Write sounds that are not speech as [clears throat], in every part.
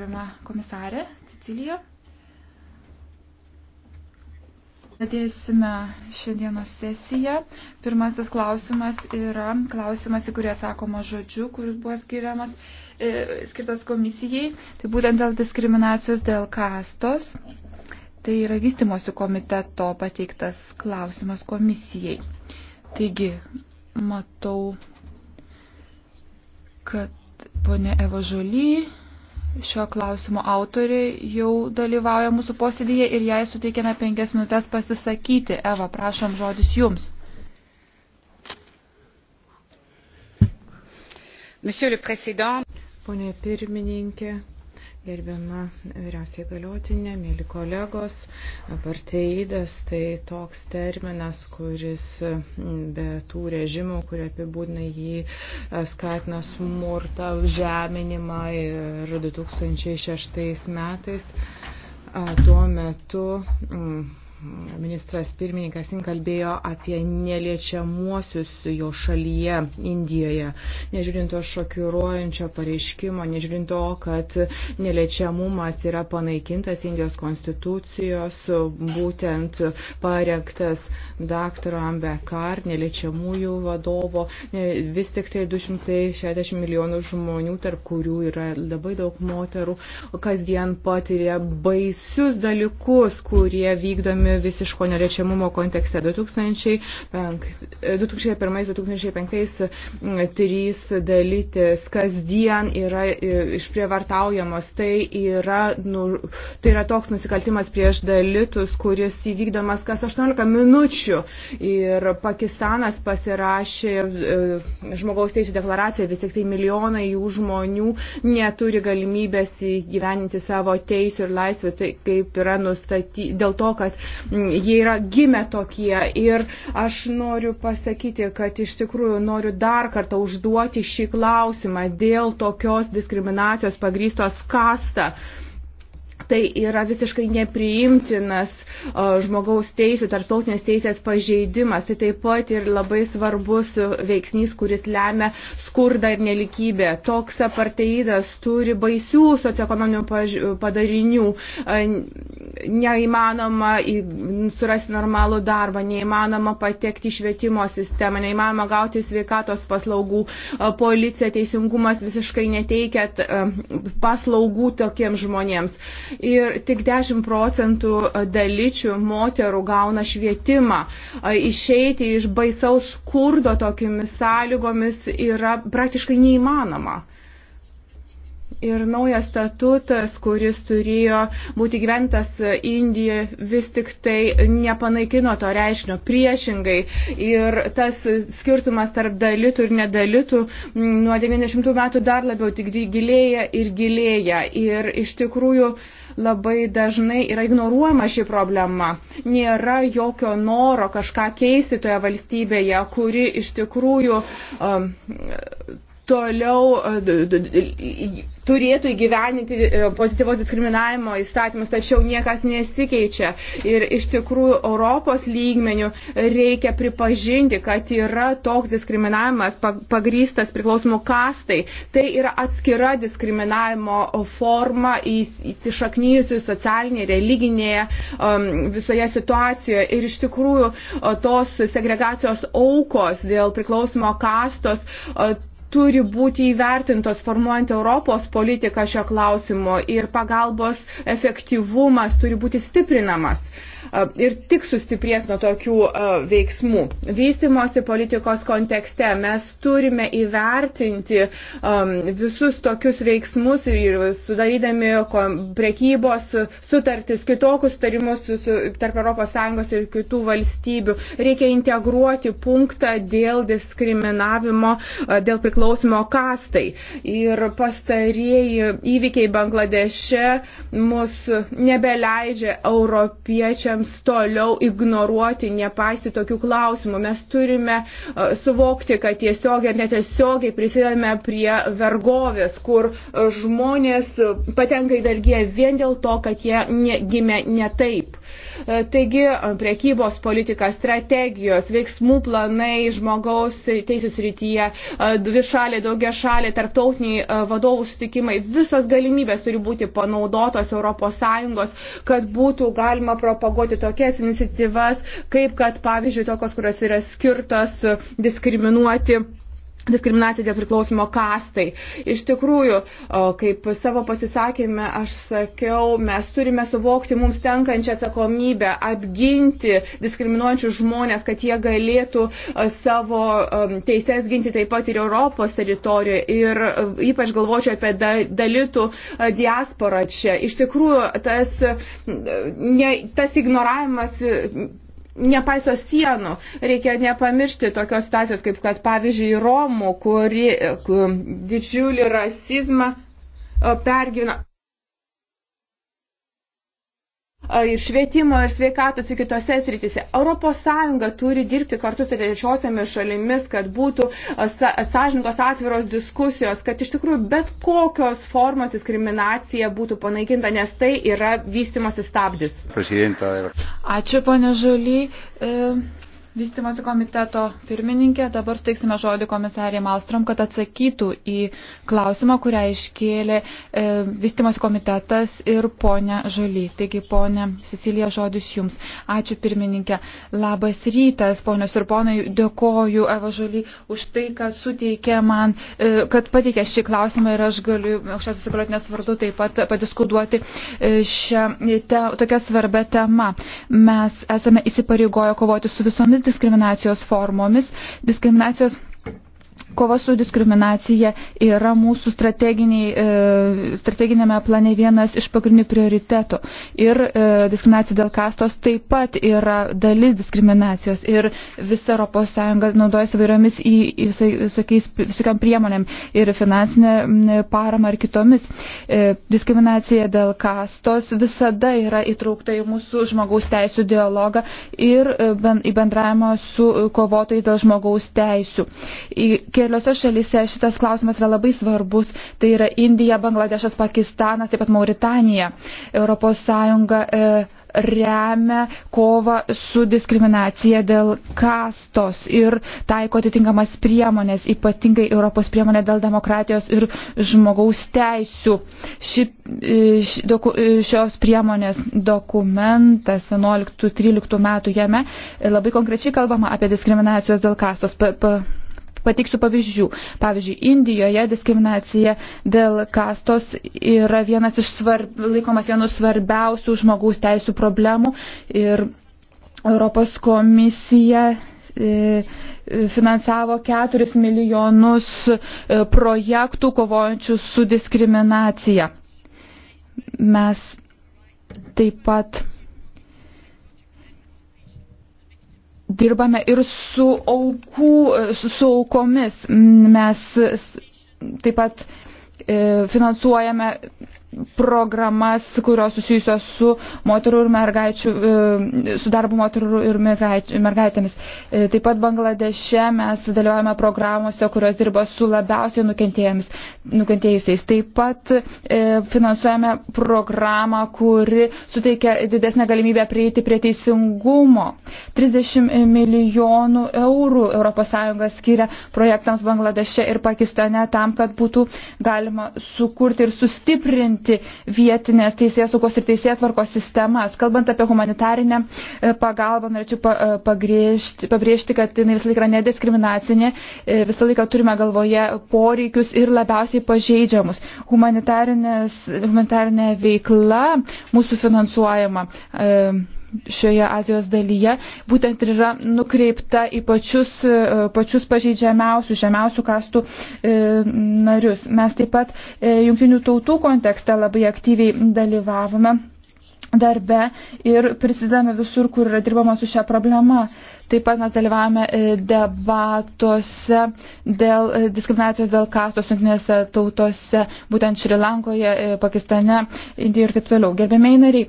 Gerbiama komisarė Cecilija. Pradėsime šiandienos sesiją. Pirmasis klausimas yra klausimas, į kurį atsakoma žodžiu, kuris buvo skiriamas, e, skirtas komisijai. Tai būtent dėl diskriminacijos dėl kastos. Tai yra vystimosi komiteto pateiktas klausimas komisijai. Taigi, matau, kad ponė Eva Žoly šio klausimo autori jau dalyvauja mūsų posėdėje ir jai suteikėme penkias minutės pasisakyti. Eva, prašom žodis jums. Monsieur le Président. Pone pirmininkė, Gerbiama vyriausiai galiotinė, mėly kolegos, parteidas tai toks terminas, kuris be tų režimų, kurie apibūdina jį, e, skatina smurtą, žeminimą ir 2006 metais tuo metu. Mm, ministras pirmininkas kalbėjo apie neliečiamuosius jo šalyje, Indijoje, nežiūrint to šokiruojančio pareiškimo, nežiūrint to, kad neliečiamumas yra panaikintas Indijos konstitucijos, būtent parektas daktaro Ambekar, neliečiamųjų vadovo, vis tik tai 260 milijonų žmonių, tarp kurių yra labai daug moterų, kasdien patiria baisius dalykus, kurie vykdomi vykdomi visiško neliečiamumo kontekste. 2001-2005 mm, trys dalytis kasdien yra e, išprievartaujamos. Tai yra, nu, tai yra toks nusikaltimas prieš dalytus, kuris įvykdomas kas 18 minučių. Ir Pakistanas pasirašė e, žmogaus teisų deklaraciją, vis tik tai milijonai jų žmonių neturi galimybės įgyveninti savo teisų ir laisvių, tai kaip yra nustatyti, dėl to, kad jie yra gimę tokie. Ir aš noriu pasakyti, kad iš tikrųjų noriu dar kartą užduoti šį klausimą dėl tokios diskriminacijos pagrystos kasta tai yra visiškai nepriimtinas žmogaus teisų, tarptautinės teisės pažeidimas. Tai taip pat ir labai svarbus veiksnys, kuris lemia skurdą ir nelikybę. Toks aparteidas turi baisių socioekonominių padarinių neįmanoma surasti normalų darbą, neįmanoma patekti į švietimo sistemą, neįmanoma gauti sveikatos paslaugų, e, policija, teisingumas visiškai neteikia e, paslaugų tokiems žmonėms. Ir tik 10 procentų e, dalyčių moterų gauna švietimą. Išeiti iš baisaus skurdo tokiamis sąlygomis yra praktiškai neįmanoma. Ir naujas statutas, kuris turėjo būti gyventas Indijoje, vis tik tai nepanaikino to reiškinio priešingai. Ir tas skirtumas tarp dalitų ir nedalitų nuo 90 metų dar labiau tik gilėja ir gilėja. Ir iš tikrųjų labai dažnai yra ignoruojama ši problema. Nėra jokio noro kažką keisti toje valstybėje, kuri iš tikrųjų um, toliau e, turėtų įgyveninti e, pozityvos diskriminavimo įstatymus, tačiau niekas nesikeičia. Ir iš tikrųjų Europos lygmenių reikia pripažinti, kad yra toks diskriminavimas pagrystas priklausomų kastai. Tai yra atskira diskriminavimo forma įsišaknyjusi socialinėje, religinėje um, visoje situacijoje. Ir iš tikrųjų tos segregacijos aukos dėl priklausimo kastos turi būti įvertintos formuojant Europos politiką šio klausimo ir pagalbos efektyvumas turi būti stiprinamas ir tik sustiprės nuo tokių veiksmų. Vystimosi politikos kontekste mes turime įvertinti visus tokius veiksmus ir sudarydami prekybos sutartis, kitokius sutarimus tarp ES ir kitų valstybių. Reikia integruoti punktą dėl diskriminavimo, dėl priklausimo kastai. Ir pastarieji įvykiai Bangladeše mus nebeleidžia europiečiams piliečiams toliau ignoruoti, nepaisti tokių klausimų. Mes turime e, suvokti, kad tiesiogiai ir netiesiogiai prisidame prie vergovės, kur e, žmonės e, patenka į dargį vien dėl to, kad jie ne, gimė ne taip. E, taigi, e, priekybos politika, strategijos, veiksmų planai žmogaus teisės rytyje, e, dvišalė, daugia šalė, tarptautiniai vadovų sutikimai, visas galimybės turi būti panaudotos ES, kad būtų galima propaguoti tokias iniciatyvas, kaip kad, pavyzdžiui, tokios, kurios yra skirtos diskriminuoti diskriminacija dėl priklausimo kastai. Iš tikrųjų, kaip savo pasisakymę aš sakiau, mes turime suvokti mums tenkančią atsakomybę apginti diskriminuojančius žmonės, kad jie galėtų savo teises ginti taip pat ir Europos teritorijoje. Ir ypač galvočiau apie dalytų diasporą čia. Iš tikrųjų, tas, ne, tas ignoravimas nepaiso sienų. Reikia nepamiršti tokios situacijos, kaip kad pavyzdžiui Romų, kuri didžiulį rasizmą e, pergyvena ir švietimo, ir sveikatos, ir kitose sritise. ES turi dirbti kartu su trečiosiamis šalimis, kad būtų sąžininkos atviros diskusijos, kad iš tikrųjų bet kokios formos diskriminacija būtų panaikinta, nes tai yra vystimosi stabdis. Ačiū, ponė Žaly. E... Vystimosi komiteto pirmininkė, dabar suteiksime žodį komisarė Malstrom, kad atsakytų į klausimą, kurią iškėlė e, Vystimosi komitetas ir ponia Žaly. Taigi, ponia Cecilija, žodis jums. Ačiū pirmininkė. Labas rytas, ponios ir ponai, dėkoju Eva Žaly už tai, kad suteikė man, e, kad pateikė šį klausimą ir aš galiu, aukščiausios įgaliotinės vardu, taip pat padiskutuoti e, šią te, tokią svarbę temą. Mes esame įsipareigoję kovoti su visomis diskriminacijos formomis, diskriminacijos kova su diskriminacija yra mūsų e, strateginėme plane vienas iš pagrindinių prioritetų. Ir e, diskriminacija dėl kastos taip pat yra dalis diskriminacijos ir visa ES naudojasi vairiomis į, į visokiais, visokiam priemonėm ir finansinę paramą ir kitomis. E, diskriminacija dėl kastos visada yra įtraukta į mūsų žmogaus teisų dialogą ir į bendravimą su kovotojais dėl žmogaus teisų keliose šalyse šitas klausimas yra labai svarbus. Tai yra Indija, Bangladešas, Pakistanas, taip pat Mauritanija. ES e, remia kovą su diskriminacija dėl kastos ir taiko atitinkamas priemonės, ypatingai Europos priemonė dėl demokratijos ir žmogaus teisių. Ši, e, ši, doku, e, šios priemonės dokumentas 11-13 metų jame labai konkrečiai kalbama apie diskriminacijos dėl kastos. Pa, pa, Pateiksiu pavyzdžių. Pavyzdžiui, Indijoje diskriminacija dėl kastos yra vienas iš svarb, laikomas vienų svarbiausių žmogaus teisų problemų ir Europos komisija e, finansavo 4 milijonus e, projektų kovojančių su diskriminacija. Mes taip pat dirbame ir su, aukų, su, su aukomis. Mes taip pat e, finansuojame programas, kurios susijusios su moterų ir mergaičių, e, su darbu moterų ir mergaitėmis. E, taip pat Bangladeše mes dalyvavome programuose, kurios dirba su labiausiai nukentėjusiais. Taip pat e, finansuojame programą, kuri suteikia didesnę galimybę prieiti prie teisingumo. 30 milijonų eurų ES skiria projektams Bangladeše ir Pakistane tam, kad būtų galima sukurti ir sustiprinti stiprinti vietinės teisėsaugos ir teisėtvarkos sistemas. Kalbant apie humanitarinę e, pagalbą, norėčiau e, pagrėžti, pabrėžti, kad jinai visą laiką yra nediskriminacinė, e, visą laiką turime galvoje poreikius ir labiausiai pažeidžiamus. Humanitarinė veikla mūsų finansuojama. E, šioje Azijos dalyje būtent ir yra nukreipta į pačius, e, pačius pažeidžiamiausių, žemiausių kastų e, narius. Mes taip pat e, jungtinių tautų kontekste labai aktyviai dalyvavome darbe ir prisidame visur, kur yra dirbama su šia problema. Taip pat mes dalyvavome e, debatuose dėl e, diskriminacijos dėl kastos jungtinėse tautose, būtent Šrilankoje, Pakistane, Indijoje ir taip toliau. Gerbėmiai nariai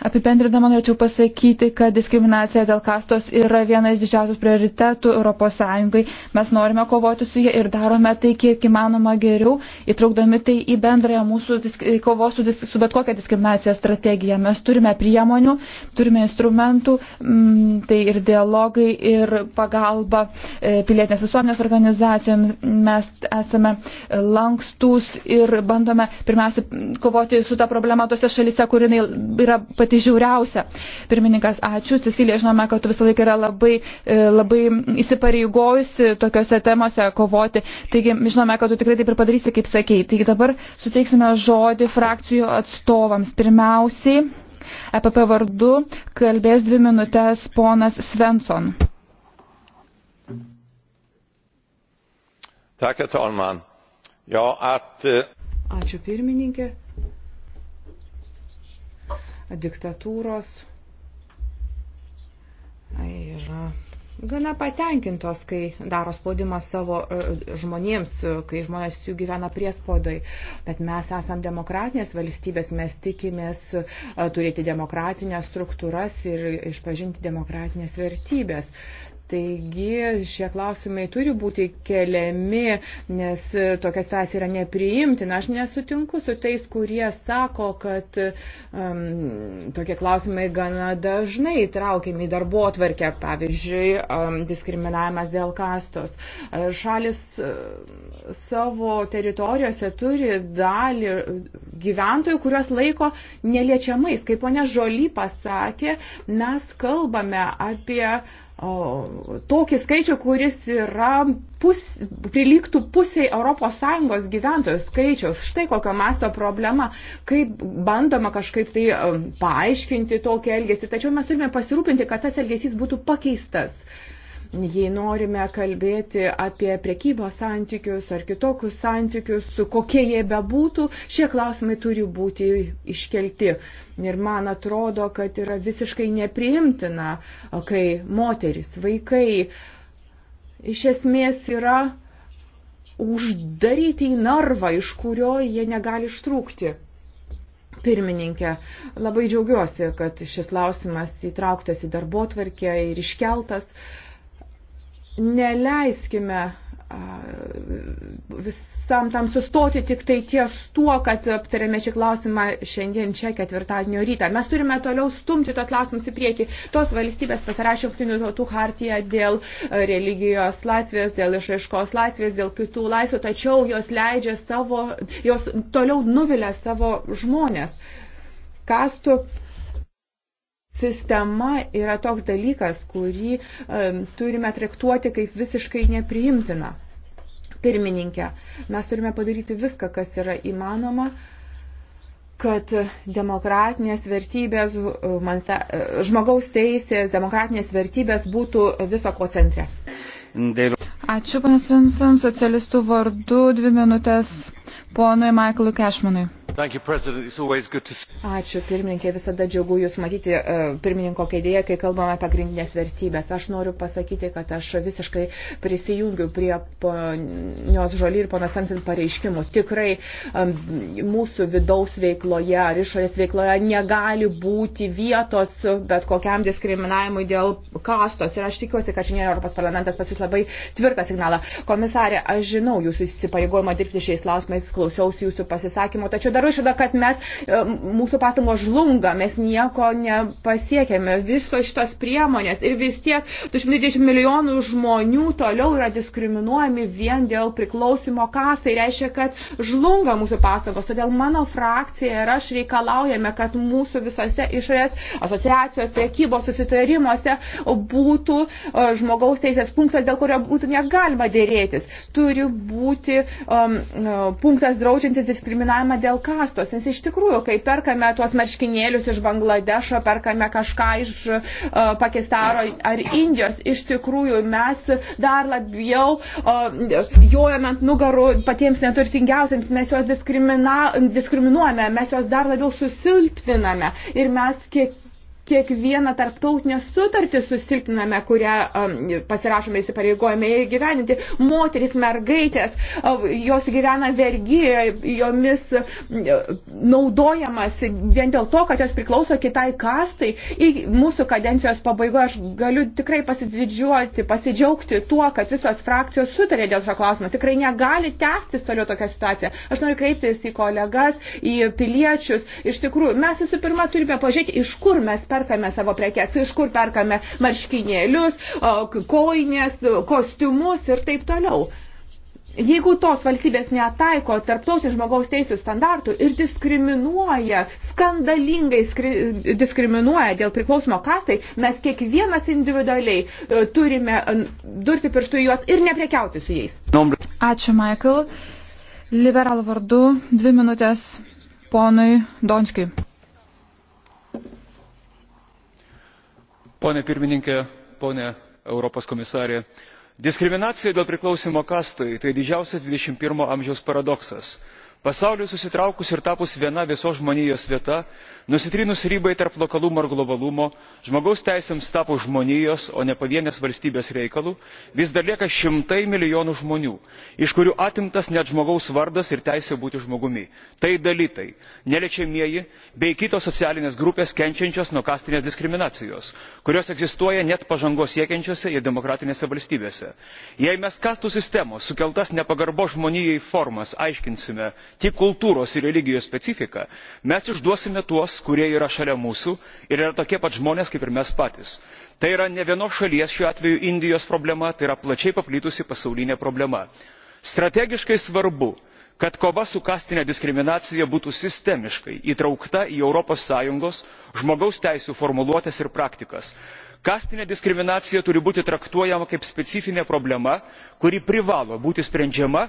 Apibendrindama norėčiau pasakyti, kad diskriminacija dėl kastos yra vienas didžiausių prioritetų ES. Mes norime kovoti su jie ir darome tai kiek įmanoma geriau, įtraukdami tai į bendrąją mūsų kovos su, su bet kokia diskriminacija strategiją. Mes turime priemonių, turime instrumentų, m, mm, tai ir dialogai, ir pagalba e, pilietinės visuomenės organizacijoms. Mes esame lankstus ir bandome pirmiausia kovoti su tą problemą tose šalise, kur jinai yra pati pati žiauriausia. Pirmininkas, ačiū. Cecilija, žinome, kad tu visą laiką yra labai, e, labai įsipareigojusi tokiuose temose kovoti. Taigi, žinome, kad tu tikrai taip ir padarysi, kaip sakei. Taigi dabar suteiksime žodį frakcijų atstovams. Pirmiausiai, EPP vardu kalbės dvi minutės ponas Svensson. Herr talman! Ja, att... E- ačiū pirmininkė diktatūros yra gana patenkintos, kai daro spaudimą savo e, žmonėms, e, kai žmonės jų gyvena priespaudoj. Bet mes esam demokratinės valstybės, mes tikimės e, turėti demokratinės struktūras ir išpažinti demokratinės vertybės. Taigi šie klausimai turi būti keliami, nes tokia situacija yra nepriimtina. Aš nesutinku su tais, kurie sako, kad um, tokie klausimai gana dažnai traukiami į darbo atvarkę, pavyzdžiui, um, diskriminavimas dėl kastos. Šalis uh, savo teritorijose turi dalį gyventojų, kuriuos laiko neliečiamais. Kaip ponia Žoly pasakė, mes kalbame apie o, tokį skaičių, kuris yra pus, prilygtų pusiai ES gyventojų skaičiaus. Štai kokio masto problema, kaip bandoma kažkaip tai um, paaiškinti tokį elgesį. Tačiau mes turime pasirūpinti, kad tas elgesys būtų pakeistas. Jei norime kalbėti apie prekybos santykius ar kitokius santykius, kokie jie bebūtų, šie klausimai turi būti iškelti. Ir man atrodo, kad yra visiškai nepriimtina, kai moteris, vaikai iš esmės yra uždaryti į narvą, iš kurio jie negali ištrūkti pirmininkė. Labai džiaugiuosi, kad šis klausimas įtrauktas į darbo tvarkę ir iškeltas. Uh, Neleiskime visam tam sustoti tik tai ties tuo, kad aptarėme šį klausimą šiandien čia ketvirtadienio rytą. Mes turime toliau stumti tos klausimus į priekį. Tos valstybės pasirašė jungtinių tautų hartiją dėl religijos laisvės, dėl išaiškos laisvės, dėl kitų laisvių, tačiau jos leidžia savo, jos toliau nuvilia savo žmonės. Kastų sistema yra toks dalykas, kurį um, turime traktuoti kaip visiškai nepriimtina. Pirmininkė, mes turime padaryti viską, kas yra įmanoma kad demokratinės vertybės, žmogaus teisės, demokratinės vertybės būtų viso ko centre. Ačiū, panas Vincent, socialistų vardu, dvi minutės ponui Michaelui Kešmanui. Ačiū pirmininkė, visada džiaugu Jūs matyti e, pirmininko kėdėje, kai kalbame apie pagrindinės vertybės. Aš noriu pasakyti, kad aš visiškai prisijungiu prie ponios Žoly ir ponas Sensin pareiškimų. Tikrai e, mūsų vidaus veikloje ar išorės veikloje negali būti vietos bet kokiam diskriminavimui dėl kastos. Ir aš tikiuosi, kad šiandien Europos parlamentas pasisūs labai tvirtą signalą. Komisarė, aš žinau Jūsų įsipareigojimą dirbti šiais klausimais, klausiausi Jūsų pasisakymo, tačiau dar išvada, kad mes, e, mūsų pastangos žlunga, mes nieko nepasiekėme. Visos šitos priemonės ir vis tiek 220 milijonų žmonių toliau yra diskriminuojami vien dėl priklausimo kasai. Reiškia, kad žlunga mūsų pastangos. Todėl mano frakcija ir aš reikalaujame, kad mūsų visose išorės asociacijos, priekybos susitarimuose būtų e, žmogaus teisės punktas, dėl kurio būtų negalima dėrėtis. Turi būti um, e, punktas draudžiantis diskriminavimą dėl ką prastos, nes iš tikrųjų, kai perkame tuos marškinėlius iš Bangladešo, perkame kažką iš uh, e, Pakistaro ar Indijos, iš tikrųjų mes dar labiau uh, jojame ant nugarų patiems neturtingiausiams, mes juos diskriminuojame, mes juos dar labiau susilpniname ir mes kiek kiekvieną tarptautinę sutartį susilpiname, kurią um, pasirašome įsipareigojame ir gyveninti. Moteris, mergaitės, uh, jos gyvena vergyje, jomis uh, naudojamas vien dėl to, kad jos priklauso kitai kastai. Į mūsų kadencijos pabaigoje aš galiu tikrai pasididžiuoti, pasidžiaugti tuo, kad visos frakcijos sutarė dėl šio klausimo. Tikrai negali tęstis toliau tokia situacija. Aš noriu kreiptis į kolegas, į piliečius. Iš tikrųjų, mes visų pirma turime pažiūrėti, iš kur mes per perkame savo prekes, iš kur perkame marškinėlius, koinės, kostiumus ir taip toliau. Jeigu tos valstybės netaiko tarptautinių žmogaus teisų standartų ir diskriminuoja, skandalingai skri, diskriminuoja dėl priklausimo kastai, mes kiekvienas individualiai e, turime e, durti pirštų į juos ir neprekiauti su jais. Ačiū, Michael. Liberal vardu dvi minutės ponui Donskiui. pone pirmininke pone europos komisare diskriminacija dėl priklausymo kastui tai didžiausias xxi amžiaus paradoksas pasauliui susitraukus ir tapus viena visos žmonijos vieta nusitrynus ribai tarp lokalumo ir globalumo žmogaus teisėms tapus žmonijos o ne pavienės valstybės reikalu vis dar lieka šimtai milijonų žmonių iš kurių atimtas net žmogaus vardas ir teisė būti žmogumi tai dalitai neliečiamieji bei kitos socialinės grupės kenčiančios nuo kastinės diskriminacijos kurios egzistuoja net pažangos siekiančiose ir demokratinėse valstybėse. jei mes kastų sistemos sukeltas nepagarbos žmonijai formas aiškinsime tik kultūros ir religijos specifiką mes išduosime tuos kurie yra šalia mūsų ir yra tokie pat žmonės kaip ir mes patys. tai yra ne vienos šalies šiuo atveju indijos problema tai yra plačiai paplitusi pasaulinė problema. strategiškai svarbu kad kova su kastine diskriminacija būtų sistemiškai įtraukta į europos sąjungos žmogaus teisių formuluotes ir praktikas. kastinė diskriminacija turi būti traktuojama kaip specifinė problema kuri privalo būti sprendžiama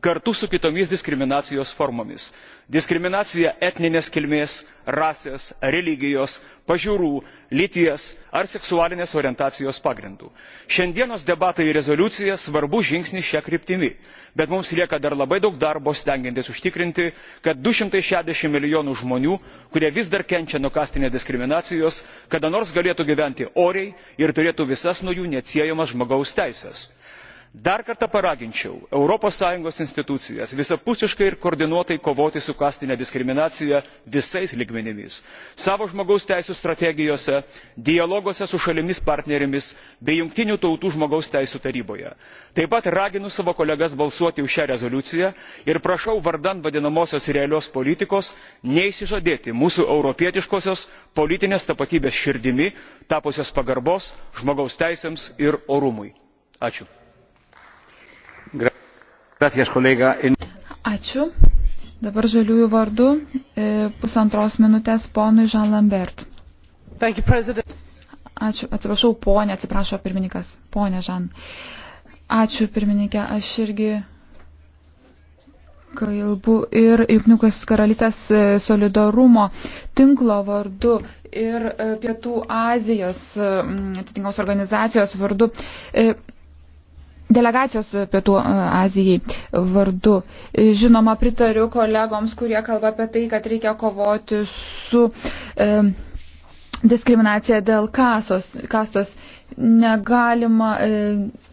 kartu su kitomis diskriminacijos formomis diskriminacija etninės kilmės rasės religijos pažiūrų lyties ar seksualinės orientacijos pagrindu. šiandienos debatai ir rezoliucija svarbus žingsnis šia kryptimi bet mums lieka dar labai daug darbo stengiantis užtikrinti kad du šimtai šešiasdešimt milijonų žmonių kurie vis dar kenčia nuo kastinės diskriminacijos kada nors galėtų gyventi oriai ir turėtų visas nuo jų neatsiejamas žmogaus teises dar kartą paraginčiau europos sąjungos institucijas visapusiškai ir koordinuotai kovoti su kastine diskriminacija visais lygmenimis savo žmogaus teisių strategijose dialoguose su šalimis partnerėmis bei jungtinių tautų žmogaus teisių taryboje. taip pat raginu savo kolegas balsuoti už šią rezoliuciją ir prašau vardan vadinamosios realios politikos neišsižadėti mūsų europietiškosios politinės tapatybės širdimi tapusios pagarbos žmogaus teisėms ir orumui. ačiū. Gracias, kolega. Ačiū. Dabar žaliųjų vardu e, pusantros minutės ponui Jean Lambert. Thank you, President. Ačiū, atsiprašau, ponė, atsiprašo pirmininkas, ponė Žan. Ačiū, pirmininkė, aš irgi kalbu ir Junkniukas karalystės e, solidarumo tinklo vardu ir e, Pietų Azijos atitinkamos organizacijos vardu. Delegacijos Pietų e, Azijai vardu. Žinoma, pritariu kolegoms, kurie kalba apie tai, kad reikia kovoti su. E, diskriminacija dėl kasos, kastos. Negalima e,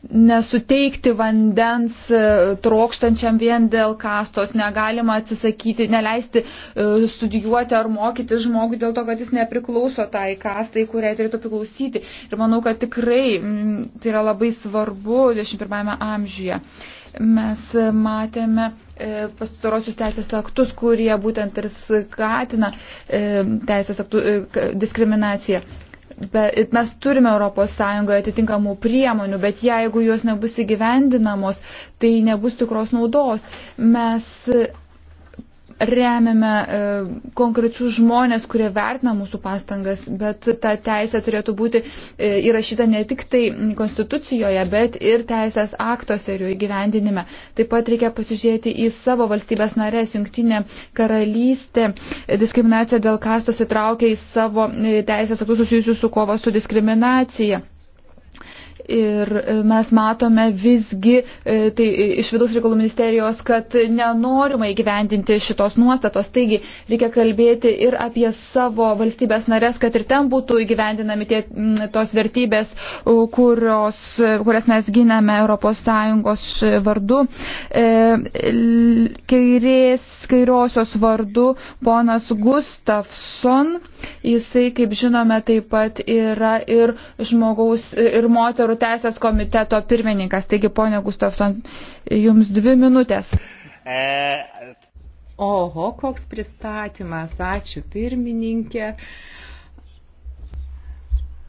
nesuteikti vandens e, trokštančiam vien dėl kastos, negalima atsisakyti, neleisti e, studijuoti ar mokyti žmogui dėl to, kad jis nepriklauso tai kastai, kuriai turėtų priklausyti. Ir manau, kad tikrai m, mm, tai yra labai svarbu 21 amžiuje. E, Mes matėme e, pastarosius teisės aktus, kurie būtent ir skatina e, teisės aktų e, diskriminaciją. Bet mes turime ES atitinkamų priemonių, bet jeigu jos nebus įgyvendinamos, tai nebus tikros naudos. Mes remiame e, konkrečius žmonės, kurie vertina mūsų pastangas, bet ta teisė turėtų būti e, įrašyta ne tik tai konstitucijoje, bet ir teisės aktuose ir jų įgyvendinime. Taip pat reikia pasižiūrėti į savo valstybės narės, jungtinė karalystė. Diskriminacija dėl kastos įtraukia į savo e, teisės aktus susijusius su kovo su diskriminacija. Ir e, mes matome visgi e, tai, e, iš vidaus reikalų ministerijos, kad nenorima įgyvendinti šitos nuostatos. Taigi reikia kalbėti ir apie savo valstybės narės, kad ir ten būtų įgyvendinami tie, tos vertybės, kurios, kurias mes giname ES vardu. Kairės, kairiosios vardu ponas Gustafson, jisai, kaip žinome, taip pat yra ir žmogaus, ir moterų moterų teisės komiteto pirmininkas. Taigi, ponė Gustafson, jums dvi minutės. E, Oho, koks pristatymas. Ačiū pirmininkė. Uh,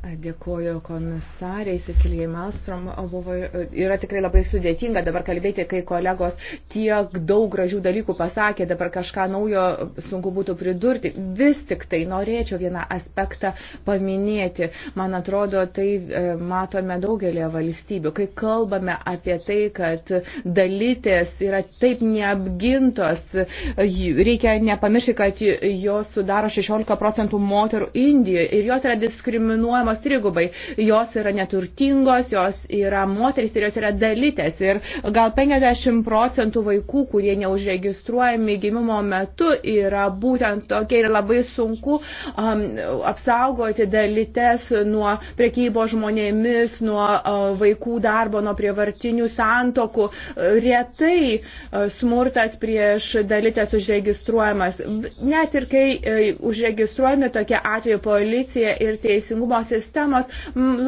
Dėkuoju komisariai Cecilijai Malstrom. Buvo, yra tikrai labai sudėtinga dabar kalbėti, kai kolegos tiek daug gražių dalykų pasakė, dabar kažką naujo sunku būtų pridurti. Vis tik tai norėčiau vieną aspektą paminėti. Man atrodo, tai e, matome daugelėje valstybių. Kai kalbame apie tai, kad dalytės yra taip neapgintos, reikia nepamiršti, kad jos sudaro 16 procentų moterų Indijoje ir jos yra diskriminuojamos atlyginamos trigubai. Jos yra neturtingos, jos yra moteris ir jos yra dalytės. Ir gal 50 procentų vaikų, kurie neužregistruojami gimimo metu, yra būtent tokie ir labai sunku um, apsaugoti dalytės nuo prekybo žmonėmis, nuo uh, vaikų darbo, nuo prievartinių santokų. Retai uh, smurtas prieš dalytės užregistruojamas. Net ir kai uh, užregistruojami tokie atvejai policija ir teisingumo sistema, sistemos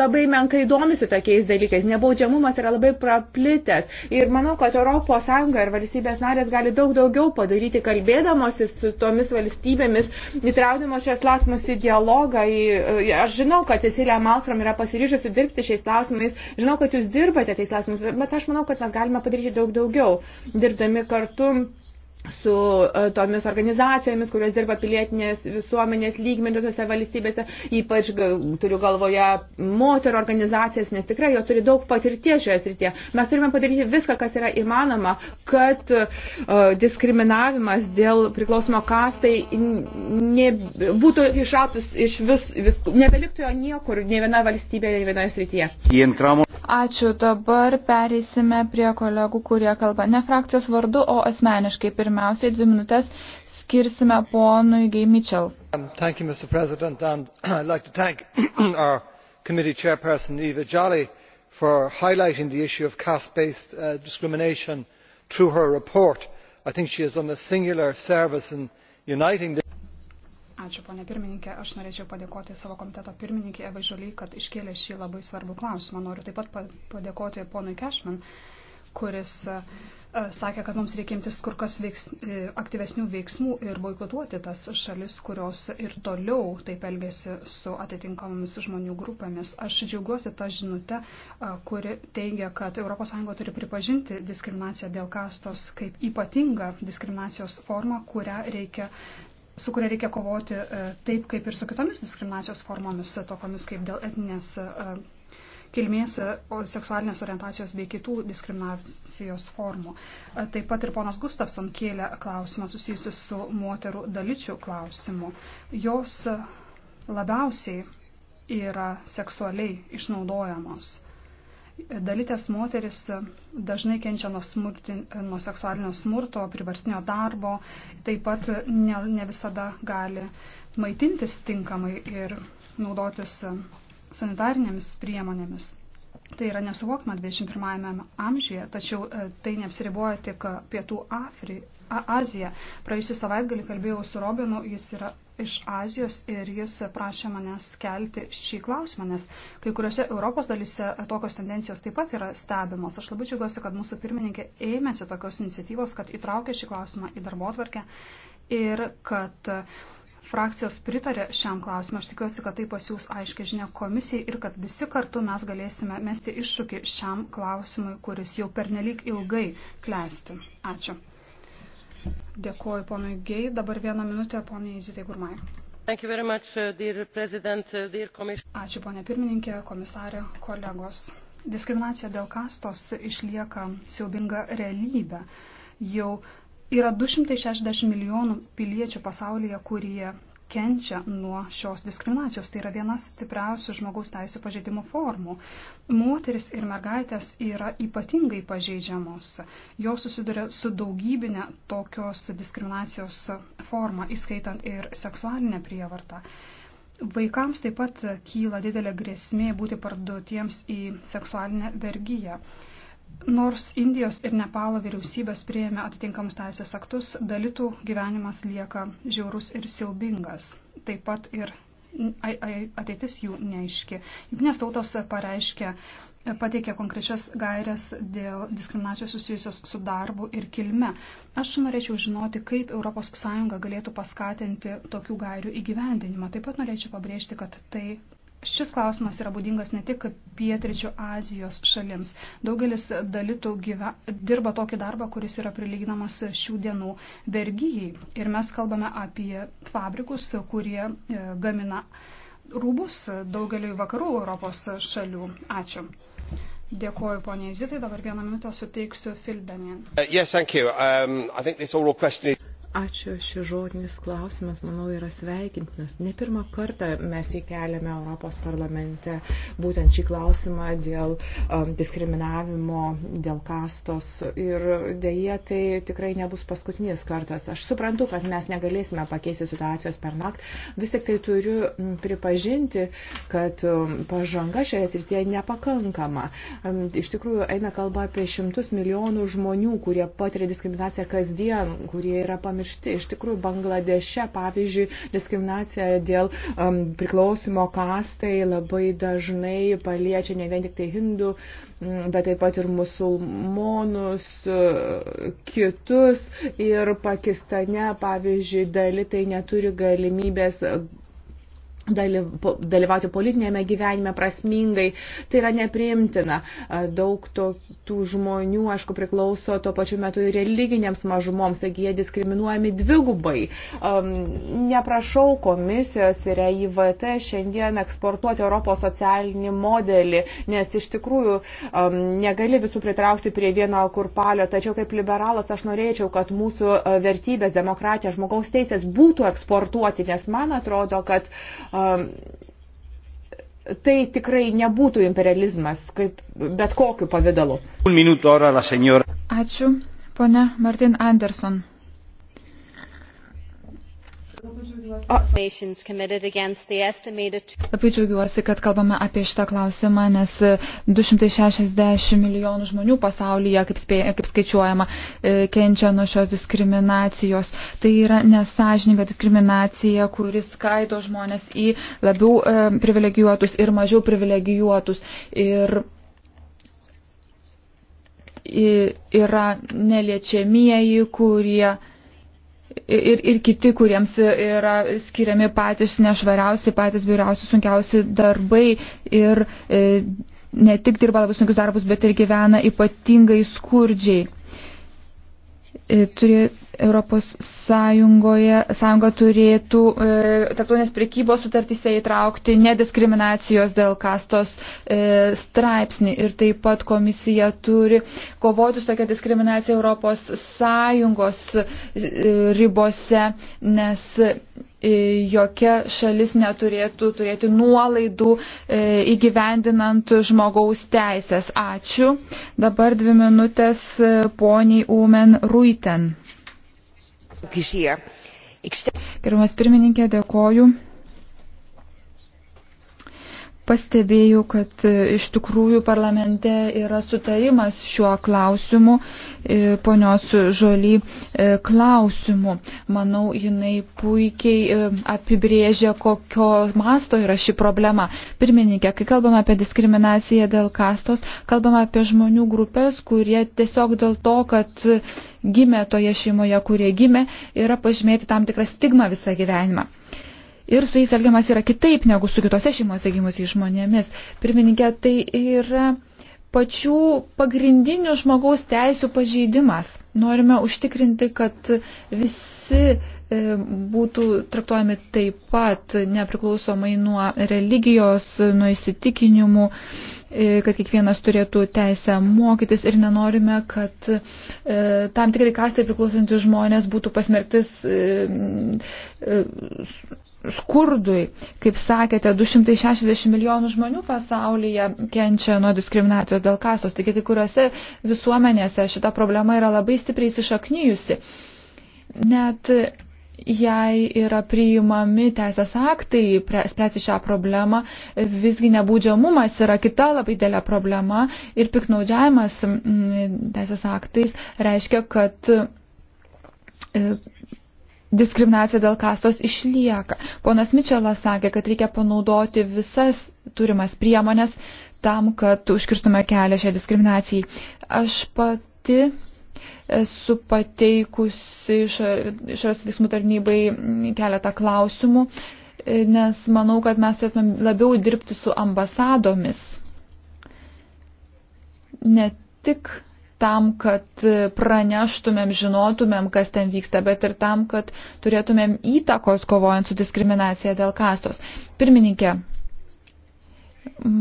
labai menkai domisi tokiais dalykais. Nebaudžiamumas yra labai praplitęs. Ir manau, kad ES ir valstybės narės gali daug daugiau padaryti, kalbėdamosis su tomis valstybėmis, įtraudamos šias klausimus į dialogą. Į, aš žinau, kad Cecilija Malstrom yra pasiryžusi dirbti šiais klausimais. Žinau, kad jūs dirbate tais klausimais, bet aš manau, kad mes galime padaryti daug daugiau, dirbdami kartu su e, tomis organizacijomis, kurios dirba pilietinės visuomenės lygmenių tose valstybėse, ypač turiu galvoje moterų organizacijas, nes tikrai jo turi daug patirties šioje srityje. Mes turime padaryti viską, kas yra įmanoma, kad e, diskriminavimas dėl priklausimo kastai ne, būtų išautus iš vis, vis nebeliktų jo niekur, ne viena valstybė, ne vienoje srityje. Ačiū, dabar perėsime prie kolegų, kurie kalba ne frakcijos vardu, o asmeniškai pirmiausia pirmiausiai dvi minutės skirsime ponui Gay Mitchell. Um, thank you, Mr. President, and [clears throat] I'd like to thank [clears throat] our committee chairperson Eva Jolly for highlighting the issue of caste-based uh, discrimination through her report. I think she has done a singular service in uniting the Ačiū, ponė pirmininkė. Aš norėčiau padėkoti savo komiteto pirmininkė Eva Žaly, kad iškėlė šį labai svarbų klausimą. Noriu taip pat padėkoti ponui Kešman, kuris uh, E, sakė, kad mums reikėmtis kur kas veiks, e, aktyvesnių veiksmų ir boikotuoti tas šalis, kurios ir toliau taip elgėsi su atitinkamomis žmonių grupėmis. Aš džiaugiuosi tą žinutę, e, kuri teigia, kad ES turi pripažinti diskriminaciją dėl kastos kaip ypatingą diskriminacijos formą, kurią reikia su kuria reikia kovoti taip, kaip ir su kitomis diskriminacijos formomis, tokomis kaip dėl etinės kilmės, seksualinės orientacijos bei kitų diskriminacijos formų. Taip pat ir ponas Gustafson kėlė klausimą susijusiu su moterų dalyčių klausimu. Jos labiausiai yra seksualiai išnaudojamos. Dalytės moteris dažnai kenčia nuo, smurti, nuo seksualinio smurto, privarstinio darbo, taip pat ne, ne visada gali maitintis tinkamai ir naudotis sanitarnėmis priemonėmis. Tai yra nesuvokma 21-ame amžiuje, tačiau e, tai neapsiriboja tik e, Pietų Afri, A, Aziją. Praėjusį savaitgalį kalbėjau su Robinu, jis yra iš Azijos ir jis prašė manęs kelti šį klausimą, nes kai kuriuose Europos dalyse e, tokios tendencijos taip pat yra stebimos. Aš labai džiugiuosi, kad mūsų pirmininkė ėmėsi tokios iniciatyvos, kad įtraukė šį klausimą į darbo atvarkę ir kad frakcijos pritarė šiam klausimui. Aš tikiuosi, kad tai pasiūs aiškiai žinia komisijai ir kad visi kartu mes galėsime mesti iššūkį šiam klausimui, kuris jau pernelyg ilgai klesti. Ačiū. Dėkuoju ponui Gei. Dabar vieną minutę poniai Zitai Gurmai. Much, uh, dear uh, dear Ačiū ponė pirmininkė, komisarė, kolegos. Diskriminacija dėl kastos išlieka siaubinga realybė. Jau Yra 260 milijonų piliečių pasaulyje, kurie kenčia nuo šios diskriminacijos. Tai yra vienas stipriausių žmogaus teisų pažeidimų formų. Moteris ir mergaitės yra ypatingai pažeidžiamos. Jos susiduria su daugybinė tokios diskriminacijos forma, įskaitant ir seksualinę prievartą. Vaikams taip pat kyla didelė grėsmė būti parduotiems į seksualinę vergyją. Nors Indijos ir Nepalo vyriausybės prieėmė atitinkamus teisės aktus, dalitų gyvenimas lieka žiaurus ir siaubingas. Taip pat ir ateitis jų neaiški. Junknės tautos pareiškė, pateikė konkrečias gairias dėl diskriminacijos susijusios su darbu ir kilme. Aš norėčiau žinoti, kaip ES galėtų paskatinti tokių gairių įgyvendinimą. Taip pat norėčiau pabrėžti, kad tai Šis klausimas yra būdingas ne tik pietričių Azijos šalims. Daugelis dalitų gyve, dirba tokį darbą, kuris yra prilyginamas šių dienų vergyjai. Ir mes kalbame apie fabrikus, kurie e, gamina rūbus daugeliu vakarų Europos šalių. Ačiū. Dėkuoju, poniai Zitai. Dabar vieną minutę suteiksiu Fildanin. Uh, yes, Ačiū, šis žodinis klausimas, manau, yra sveikintinas. Ne pirmą kartą mes įkeliame Europos parlamente būtent šį klausimą dėl um, diskriminavimo, dėl kastos. Ir dėje tai tikrai nebus paskutinis kartas. Aš suprantu, kad mes negalėsime pakeisti situacijos per naktį. Vis tik tai turiu pripažinti, kad um, pažanga šioje srityje nepakankama. Um, iš tikrųjų, eina kalba apie šimtus milijonų žmonių, kurie patiria diskriminaciją kasdien, kurie yra pamiršti pamiršti. Iš tikrųjų, Bangladeše, pavyzdžiui, diskriminacija dėl um, priklausimo kastai labai dažnai paliečia ne vien tik tai hindų, mm, bet taip pat ir musulmonus, kitus. Ir Pakistane, pavyzdžiui, dalitai neturi galimybės dalyvauti politinėme gyvenime prasmingai, tai yra nepriimtina. Daug to, tų žmonių, aišku, priklauso tuo pačiu metu ir religinėms mažumoms, taigi jie diskriminuojami dvigubai. Um, neprašau komisijos ir EIVT šiandien eksportuoti Europos socialinį modelį, nes iš tikrųjų um, negali visų pritraukti prie vieno kurpalio, tačiau kaip liberalas aš norėčiau, kad mūsų vertybės, demokratija, žmogaus teisės būtų eksportuoti, nes man atrodo, kad Tai tikrai nebūtų imperializmas, kaip bet kokiu pavydalu. Ačiū, ponia Martin Anderson. Labai džiaugiuosi, kad kalbame apie šitą klausimą, nes 260 e, milijonų žmonių pasaulyje, kaip, spė, kaip skaičiuojama, e, kenčia nuo šios diskriminacijos. Tai yra nesažininga diskriminacija, kuris skaido žmonės į labiau e, privilegijuotus ir mažiau privilegijuotus. Ir yra neliečiamieji, kurie ir, ir kiti, kuriems yra skiriami patys nešvariausi, patys vyriausi, sunkiausi darbai ir e, ne tik dirba labai sunkius darbus, bet ir gyvena ypatingai skurdžiai. E, turė, Europos Sąjungoje, Sąjunga turėtų e, tarptautinės prekybos sutartyse įtraukti nediskriminacijos dėl kastos e, straipsnį ir taip pat komisija turi kovoti su tokia diskriminacija Europos Sąjungos e, ribose, nes E, jokia šalis neturėtų turėti nuolaidų e, įgyvendinant žmogaus teisės. Ačiū. Dabar dvi minutės e, poniai Umen Ruiten. Gerbiamas pirmininkė, dėkoju. Pastebėjau, kad e, iš tikrųjų parlamente yra sutarimas šiuo klausimu, e, ponios Žoly e, klausimu. Manau, jinai puikiai apibrėžia, kokio masto yra ši problema. Pirmininkė, kai kalbame apie diskriminaciją dėl kastos, kalbame apie žmonių grupės, kurie tiesiog dėl to, kad gimė toje šeimoje, kurie gimė, yra pažymėti tam tikrą stigmą visą gyvenimą ir su jais elgiamas yra kitaip negu su kitose šeimose gimusiais žmonėmis. Pirmininkė, tai yra pačių pagrindinių žmogaus teisų pažeidimas. Norime užtikrinti, kad visi E, būtų traktuojami taip pat nepriklausomai nuo religijos, nuo įsitikinimų, e, kad kiekvienas turėtų teisę mokytis ir nenorime, kad e, tam tikrai kastai priklausantis žmonės būtų pasmerktis skurdui. Kaip sakėte, 260 milijonų žmonių pasaulyje kenčia nuo diskriminacijos dėl kasos, taigi kai kuriuose visuomenėse šita problema yra labai stipriai įsišaknyjusi. Net jei yra priimami teisės aktai spręsti šią problemą, visgi nebūdžiamumas yra kita labai dėlė problema ir piknaudžiavimas teisės aktais reiškia, kad e, diskriminacija dėl kastos išlieka. Ponas Mičelas sakė, kad reikia panaudoti visas turimas priemonės tam, kad užkirstume kelią šią diskriminacijai. Aš pati esu pateikusi išras veiksmų tarnybai keletą klausimų, e, nes manau, kad mes turėtume labiau dirbti su ambasadomis. Ne tik tam, kad praneštumėm, žinotumėm, kas ten vyksta, bet ir tam, kad turėtumėm įtakos kovojant su diskriminacija dėl kastos. Pirmininkė,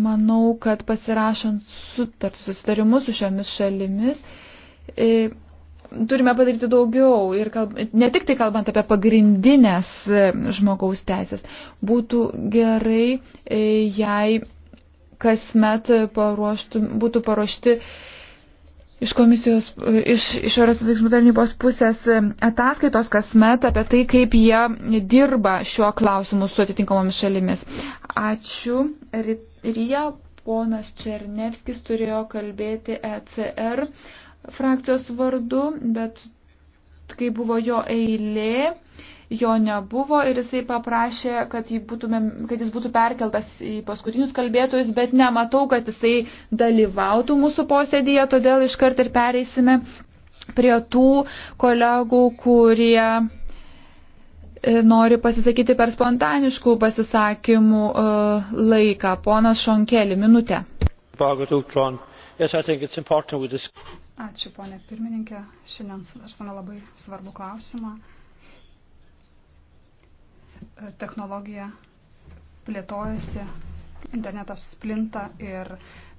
manau, kad pasirašant sutartus susitarimus su šiomis šalimis, E, turime padaryti daugiau ir kalb, ne tik tai kalbant apie pagrindinės e, žmogaus teisės. Būtų gerai, e, jei kasmet paruoštų, būtų paruošti iš komisijos, iš išorės veiksmų tarnybos pusės ataskaitos kasmet apie tai, kaip jie dirba šiuo klausimu su atitinkamomis šalimis. Ačiū. Rija, ponas Černevskis turėjo kalbėti ECR frakcijos vardu, bet kai buvo jo eilė, jo nebuvo ir jisai paprašė, kad, jį būtumėm, kad jis būtų perkeltas į paskutinius kalbėtojus, bet nematau, kad jisai dalyvautų mūsų posėdėje, todėl iškart ir pereisime prie tų kolegų, kurie e, nori pasisakyti per spontaniškų pasisakymų e, laiką. Ponas Šonkelį, minutę. Yes, Ačiū, ponė pirmininkė. Šiandien svarstame labai svarbų klausimą. Technologija plėtojasi, internetas splinta ir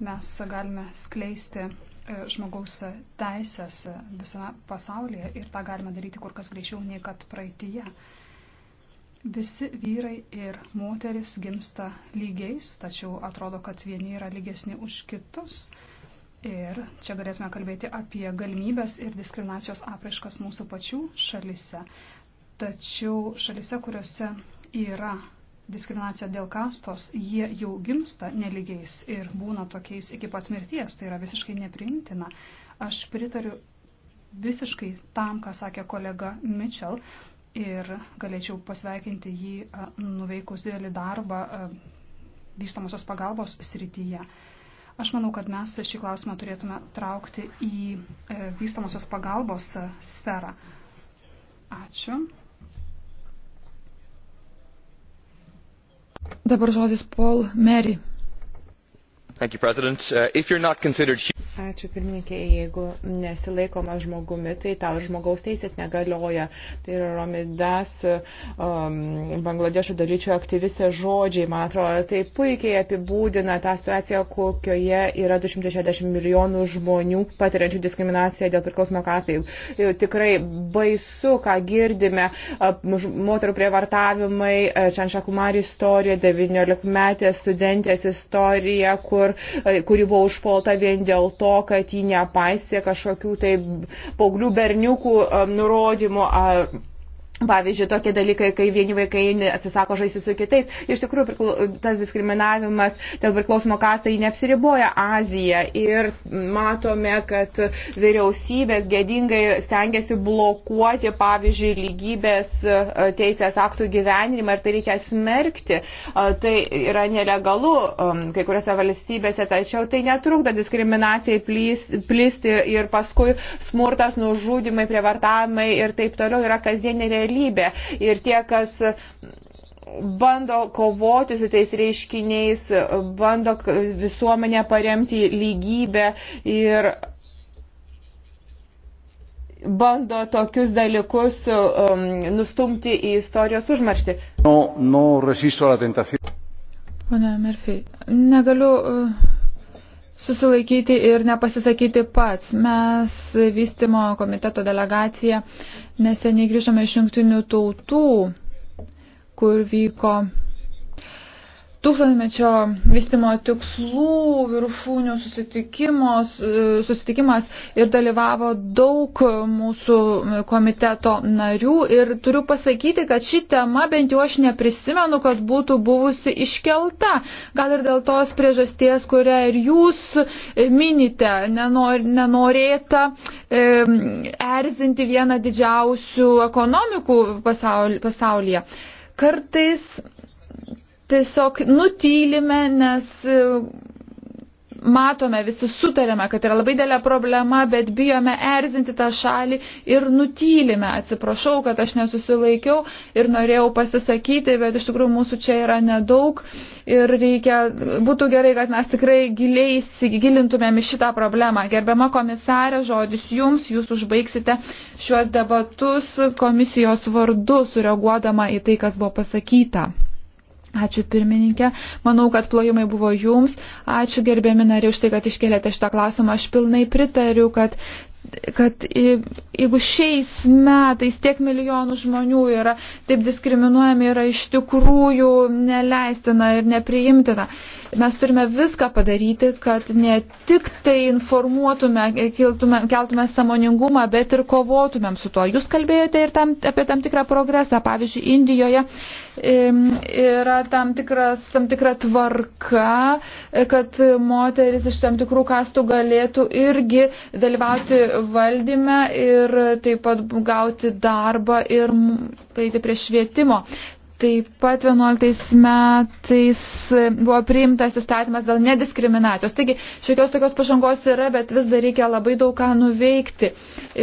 mes galime skleisti e, žmogaus teisės visame pasaulyje ir tą galime daryti kur kas greičiau nei kad praeitįje. Visi vyrai ir moteris gimsta lygiais, tačiau atrodo, kad vieni yra lygesni už kitus. Ir čia galėtume kalbėti apie galimybės ir diskriminacijos apraiškas mūsų pačių šalise. Tačiau šalise, kuriuose yra diskriminacija dėl kastos, jie jau gimsta neligiais ir būna tokiais iki pat mirties. Tai yra visiškai nepriimtina. Aš pritariu visiškai tam, ką sakė kolega Mitchell ir galėčiau pasveikinti jį nuveikus didelį darbą vystamosios pagalbos srityje. Aš manau, kad mes šį klausimą turėtume traukti į e, vystamosios pagalbos e, sferą. Ačiū. Dabar žodis Paul Mary. Uh, considered... Ačiū pirmininkė, jeigu nesilaikoma žmogumi, tai tau ir žmogaus teisės negalioja. Tai yra Romidas, um, Bangladešo dalyčio aktyvistė žodžiai, man atrodo, tai puikiai apibūdina tą situaciją, kokioje yra 260 milijonų žmonių patiriančių diskriminaciją dėl priklausimo kasai. Tikrai baisu, ką girdime, moterų prievartavimai, Čianšakumari istorija, 19 metės studentės istorija, kur kur, e, kuri buvo užpolta vien dėl to, kad ji nepaisė kažkokių tai paauglių berniukų e, nurodymų. Ar, Pavyzdžiui, tokie dalykai, kai vieni vaikai atsisako žaisti su kitais, iš tikrųjų tas diskriminavimas dėl priklausimo kasai neapsiriboja Aziją ir matome, kad vyriausybės gėdingai stengiasi blokuoti, pavyzdžiui, lygybės e, teisės aktų gyvenimą ir tai reikia smerkti. E, tai yra nelegalu um, kai kuriuose valstybėse, tačiau tai netrukdo diskriminacijai plisti ir paskui smurtas, nužudimai, prievartavimai ir taip toliau yra kasdienė realybė realybė. Ir tie, kas bando kovoti su tais reiškiniais, bando visuomenę paremti lygybę ir bando tokius dalykus um, nustumti į istorijos užmarštį. No, no Pone Murphy, negaliu uh, susilaikyti ir nepasisakyti pats. Mes vystimo komiteto delegacija uh, Neseniai grįžome iš jungtinių tautų, kur vyko tūkstantmečio vystimo tikslų viršūnių e, susitikimas ir dalyvavo daug mūsų komiteto narių ir turiu pasakyti, kad ši tema bent jau aš neprisimenu, kad būtų buvusi iškelta. Gal ir dėl tos priežasties, kurią ir jūs minite, nenor, nenorėta e, erzinti vieną didžiausių ekonomikų pasaulyje. Kartais tiesiog nutylime, nes e, matome, visi sutarėme, kad yra labai dėlė problema, bet bijome erzinti tą šalį ir nutylime. Atsiprašau, kad aš nesusilaikiau ir norėjau pasisakyti, bet iš tikrųjų mūsų čia yra nedaug ir reikia, būtų gerai, kad mes tikrai giliai įsigilintumėm į šitą problemą. Gerbiama komisarė, žodis jums, jūs užbaigsite šiuos debatus komisijos vardu, sureaguodama į tai, kas buvo pasakyta. Ačiū pirmininkė. Manau, kad plojimai buvo jums. Ačiū gerbėmi nariai už tai, kad iškėlėte šitą klausimą. Aš pilnai pritariu, kad kad jeigu šiais metais tiek milijonų žmonių yra taip diskriminuojami, yra iš tikrųjų neleistina ir nepriimtina. Mes turime viską padaryti, kad ne tik tai informuotume, kiltume, keltume samoningumą, bet ir kovotumėm su tuo. Jūs kalbėjote ir tam, apie tam tikrą progresą. Pavyzdžiui, Indijoje yra tam, tikras, tam tikra tvarka, kad moteris iš tam tikrų kastų galėtų irgi dalyvauti valdyme ir taip pat gauti darbą ir prieiti prie švietimo. Taip pat 11 metais buvo priimtas įstatymas dėl nediskriminacijos. Taigi, šiokios tokios pažangos yra, bet vis dar reikia labai daug ką nuveikti.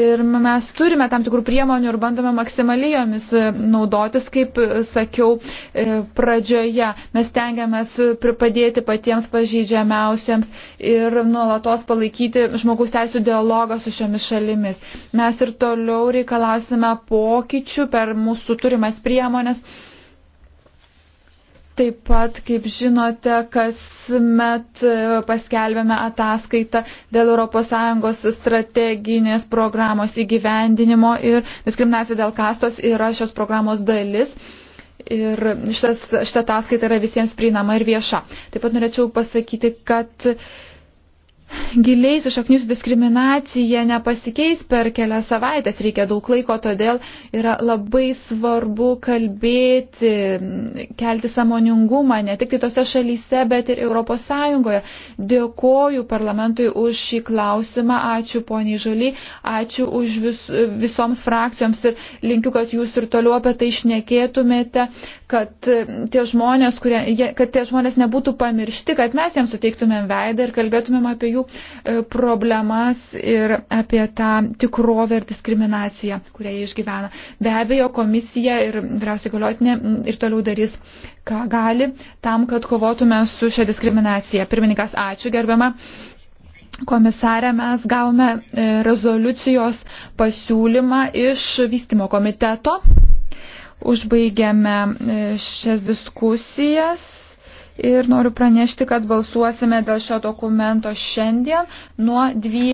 Ir mes turime tam tikrų priemonių ir bandome maksimaliai jomis e, naudotis, kaip e, sakiau e, pradžioje. Mes tengiamės padėti patiems pažydžiamiausiems ir nuolatos palaikyti žmogaus teisų dialogą su šiomis šalimis. Mes ir toliau reikalausime pokyčių per mūsų turimas priemonės Taip pat, kaip žinote, kasmet e, paskelbėme ataskaitą dėl ES strateginės programos įgyvendinimo ir diskriminacija dėl kastos yra šios programos dalis. Ir šitas, šita ataskaita yra visiems prieinama ir vieša. Taip pat norėčiau pasakyti, kad giliai sušaknius diskriminacija nepasikeis per kelias savaitės, reikia daug laiko, todėl yra labai svarbu kalbėti, kelti samoningumą ne tik tai tose šalyse, bet ir Europos Sąjungoje. Dėkoju parlamentui už šį klausimą, ačiū poniai Žaly, ačiū už vis, visoms frakcijoms ir linkiu, kad jūs ir toliau apie tai išnekėtumėte, kad tie žmonės, kurie, kad tie žmonės nebūtų pamiršti, kad mes jiems suteiktumėm veidą ir kalbėtumėm apie jų darbuotojų e, problemas ir apie tą tikrovę ir diskriminaciją, kurią jie išgyvena. Be abejo, komisija ir vyriausiai galiotinė ir toliau darys, ką gali, tam, kad kovotume su šią diskriminaciją. Pirmininkas, ačiū gerbiama komisarė, mes gavome e, rezoliucijos pasiūlymą iš vystimo komiteto. Užbaigėme e, šias diskusijas ir noriu pranešti, kad balsuosime dėl šio dokumento šiandien nuo 12.